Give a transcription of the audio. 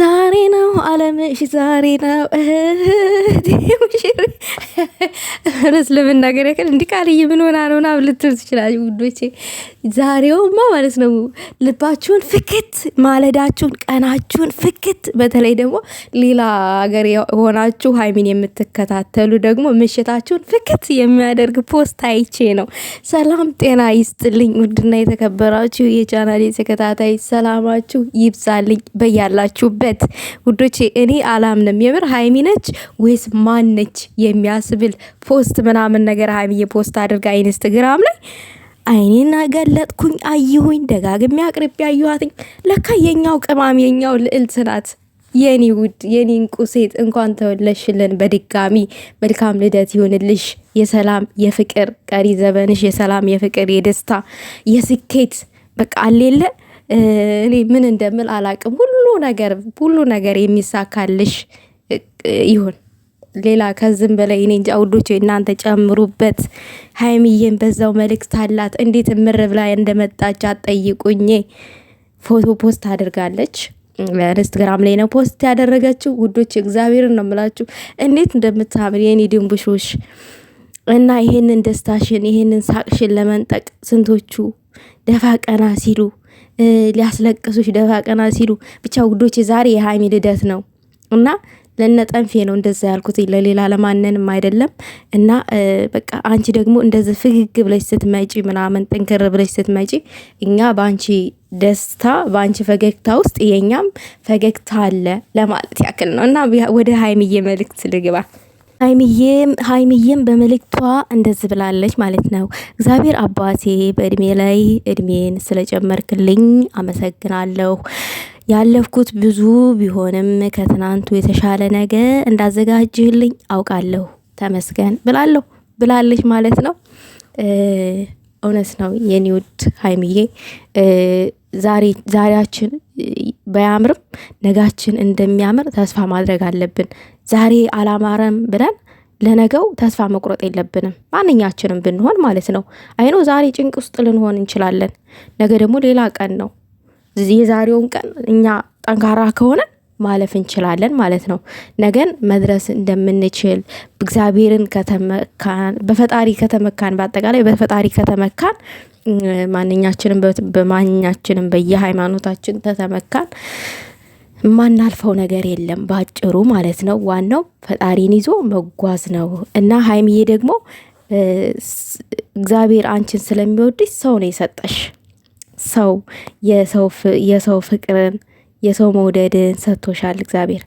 ዛሬ ነው አለምሽ፣ ዛሬ ነው እህቴ ለመናገር ያክል እንዲህ ቃልዬ ምን ሆና ነው ምናምን ልትል ትችላለች። ውዶቼ ዛሬውማ ማለት ነው ልባችሁን ፍክት ማለዳችሁን፣ ቀናችሁን ፍክት። በተለይ ደግሞ ሌላ ሀገር የሆናችሁ ሀይሚን የምትከታተሉ ደግሞ ምሽታችሁን ፍክት የሚያደርግ ፖስት አይቼ ነው። ሰላም ጤና ይስጥልኝ። ውድና የተከበራችሁ የቻናሌ ተከታታይ ሰላማችሁ ይብዛልኝ በያላችሁ አሉበት ውዶቼ። እኔ አላምንም የምር ሀይሚ ነች ወይስ ማን ነች የሚያስብል ፖስት ምናምን ነገር ሀይሚዬ ፖስት አድርጋ ኢንስትግራም ላይ አይኔን አገለጥኩኝ፣ አየሁኝ፣ ደጋግሜ አቅርቤ አየኋትኝ። ለካ የኛው ቅማም የኛው ልዕልት ናት። የኔ ውድ የኔ እንቁ ሴት እንኳን ተወለሽልን በድጋሚ መልካም ልደት ይሁንልሽ። የሰላም የፍቅር ቀሪ ዘመንሽ የሰላም የፍቅር የደስታ የስኬት በቃ አሌለ እኔ ምን እንደምል አላቅም። ሁሉ ነገር ሁሉ ነገር የሚሳካልሽ ይሁን። ሌላ ከዝም በላይ እኔ እንጂ አውዶች እናንተ ጨምሩበት። ሀይሚዬን በዛው መልእክት አላት። እንዴት ምር ብላ እንደመጣች አጠይቁኝ። ፎቶ ፖስት አድርጋለች ኢንስትግራም ላይ ነው ፖስት ያደረገችው። ውዶች እግዚአብሔርን ነው የምላችሁ እንዴት እንደምታምር የኔ ድንብሾሽ እና ይሄንን ደስታሽን ይሄንን ሳቅሽን ለመንጠቅ ስንቶቹ ደፋ ቀና ሲሉ ሊያስለቅሱሽ ደፋ ቀና ሲሉ ብቻ ውዶች፣ ዛሬ የሀይሚ ልደት ነው እና ለነ ጠንፌ ነው እንደዛ ያልኩት ለሌላ ለማንንም አይደለም። እና በቃ አንቺ ደግሞ እንደዚ ፍግግ ብለሽ ስትመጪ ምናምን ጥንክር ብለሽ ስትመጪ እኛ በአንቺ ደስታ በአንቺ ፈገግታ ውስጥ የኛም ፈገግታ አለ ለማለት ያክል ነው። እና ወደ ሀይሚዬ መልእክት ልግባ። ሀይሚዬም ሀይሚዬም በመልእክቷ እንደዚህ ብላለች ማለት ነው። እግዚአብሔር አባቴ በእድሜ ላይ እድሜን ስለጨመርክልኝ አመሰግናለሁ። ያለፍኩት ብዙ ቢሆንም ከትናንቱ የተሻለ ነገ እንዳዘጋጅህልኝ አውቃለሁ። ተመስገን ብላለሁ ብላለች ማለት ነው። እውነት ነው የኒውድ ሀይሚዬ ዛሬ ዛሬያችን ባያምርም ነጋችን እንደሚያምር ተስፋ ማድረግ አለብን። ዛሬ አላማረም ብለን ለነገው ተስፋ መቁረጥ የለብንም። ማንኛችንም ብንሆን ማለት ነው። አይኖ ዛሬ ጭንቅ ውስጥ ልንሆን እንችላለን። ነገ ደግሞ ሌላ ቀን ነው። የዛሬውን ቀን እኛ ጠንካራ ከሆነን ማለፍ እንችላለን ማለት ነው። ነገን መድረስ እንደምንችል እግዚአብሔርን ከተመካን፣ በፈጣሪ ከተመካን፣ በአጠቃላይ በፈጣሪ ከተመካን ማንኛችንም በማንኛችንም በየሃይማኖታችን ተተመካን የማናልፈው ነገር የለም ባጭሩ ማለት ነው። ዋናው ፈጣሪን ይዞ መጓዝ ነው እና ሀይሚዬ ደግሞ እግዚአብሔር አንቺን ስለሚወድሽ ሰው ነው የሰጠሽ። ሰው የሰው ፍቅርን የሰው መውደድን ሰጥቶሻል እግዚአብሔር።